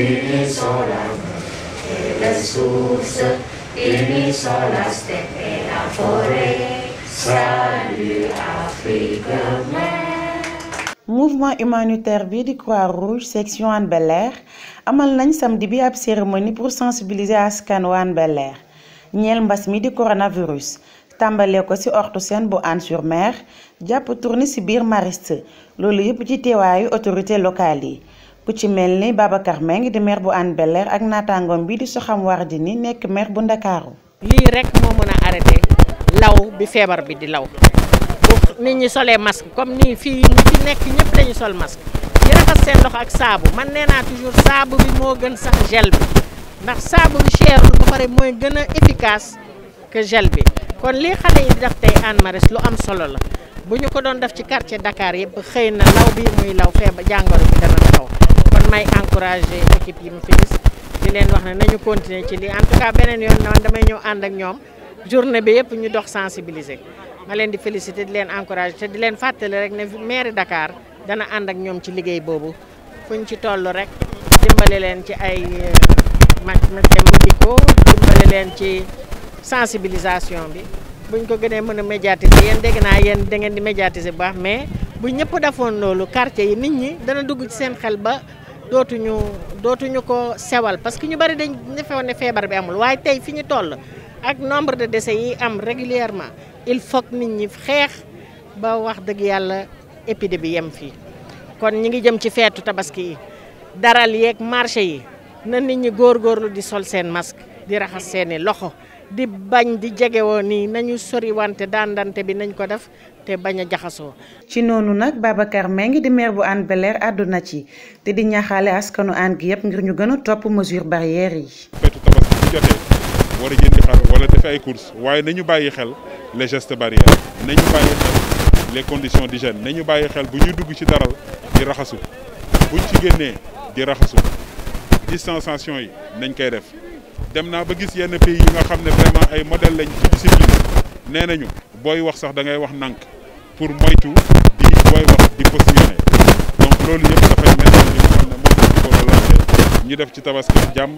unissons la et les sources, unissons la et la forêt. Salut Afrique mère. mouvement humanitaire bi du Croix-Rouge section anne Bel-Air amal nañ samedi bi ab cérémonie pour sensibiliser à ce Hann Bel-Air Niel Mbasmi du coronavirus tambalé au ci orthocène sur mer diapo tourné ci Mariste le lieu ci teewaayu autorité locale ku ci mel ni Babacar ngi di maire bu Hann Bel-Air ak naataangoom bi di Soham Wardini nekk maire bu Ndakaaru lii rek moo mën a arrêté law bi feebar bi di law bu nit ñi solee masque comme nii fii ñi fi nekk ñëpp dañu sol masque ñu raxas seen loxo ak saabu man nee naa toujours saabu bi moo gën sax gel bi ndax saabu bi cherul ba pare mooy gën a efficace que gel bi kon li xale yi di def tey Hann Maristes lu am solo la bu ñu ko doon def ci kartie Dakar yëpp xëy na law damay encouragé équipe yi ma fi gis di leen wax ne nañu continuer ci lii en tout cas beneen yoon damay ñëw ànd ak ñoom journée bi yëpp ñu dox sensibiliser ma leen di félicité di leen encouragé te di leen fàttali rek ne mairie dakaar dana ànd ak ñoom ci liggéey boobu fuñ ci toll rek dimbale leen ci ay euh, matériels médicaux dimbale leen ci sensibilisation bi buñ ko gënee mën a médiatiser yéen dégg naa yéen da di médiatiser bu baax mais bu ñëpp dootuñu dootuñu ko sewal parce que ñu bari dañ defewoon ne feebar bi amul waaye tey fi ñu toll ak nombre de décès yi am régulièrement il faut nit ñi xeex ba wax dëgg yàlla bi yem fii kon ñi ngi jëm ci feetu tabaski yi daral yeeg marché yi na nit ñi góorgóorlu di sol seen masque di raxas seeni loxo di bañ di jegewoo nii nañu sori wante dandante bi nañ ko def te bañ a jaxasoo. ci noonu nag Babacar Mbengue ngi maire bu Hann bel àdduna ci te di ñaaxaale askanu Hann gi yëpp ngir ñu gën a topp mesure barrière yi. feetu tabaski bu jotee war jëndi xar wala def ay courses waaye nañu bàyyi xel les gestes barrières nañu bàyyi xel les conditions d'hygiène nañu bàyyi xel bu ñu dugg ci daral di raxasu buñ ci génnee di raxasu distanciation yi nañ koy def dem naa ba gis yenn pays yi nga xam ne vraiment ay modèle lañ ci discipline nañu booy wax sax da ngay wax nànk pour moytu di booy wax di positionné donc loolu yëpp dafay message bi nga xam ne ko war a ñu def ci tabaski jam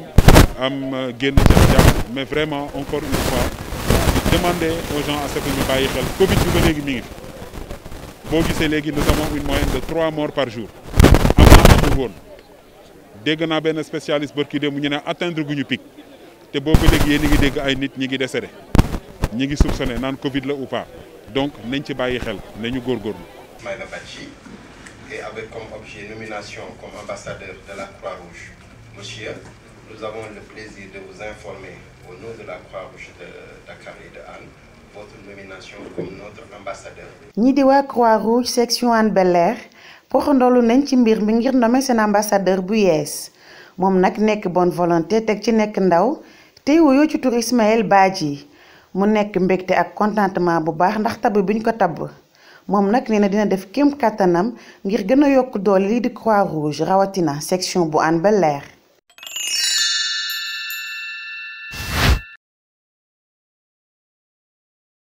am euh, génn ci jàmm mais vraiment encore une fois demander aux gens à ce que ñu bàyyi xel Covid bu ba légui mi ngi bo boo légui léegi nous avons une moyenne de 3 morts par jour am naa amul woon dégg na ben spécialiste barki dem ñu né atteindre guñu ñu pic te boobu léegi yéen a ngi dégg ay nit ñi ngi décédé ñi ngi soupçonné nan Covid la ou pas donc nañ ci bàyyi xel nañu góorgóorlu. Ismaïla Badji et avec comme objet nomination comme ambassadeur de la Croix-Rouge monsieur nous avons le plaisir de vous informer au nom de la Croix-Rouge de Dakar et de Anne, votre nomination comme notre ambassadeur. ñi di la Croix-Rouge section Anne Belair, pour poxandoolu nañ ci mbir mi ngir nommer ambassadeur bu yees moom nag bonne volonté teg ci nekk ndaw tey wuyoo ci tur Ismaïla Badji. mu nekk mbégte ak contentement bu baax ndax tab bi ñu ko tab moom nag nee na dina def kéem kattanam ngir gën a yokk doole lii di croix rouge rawatina section bu Hann bel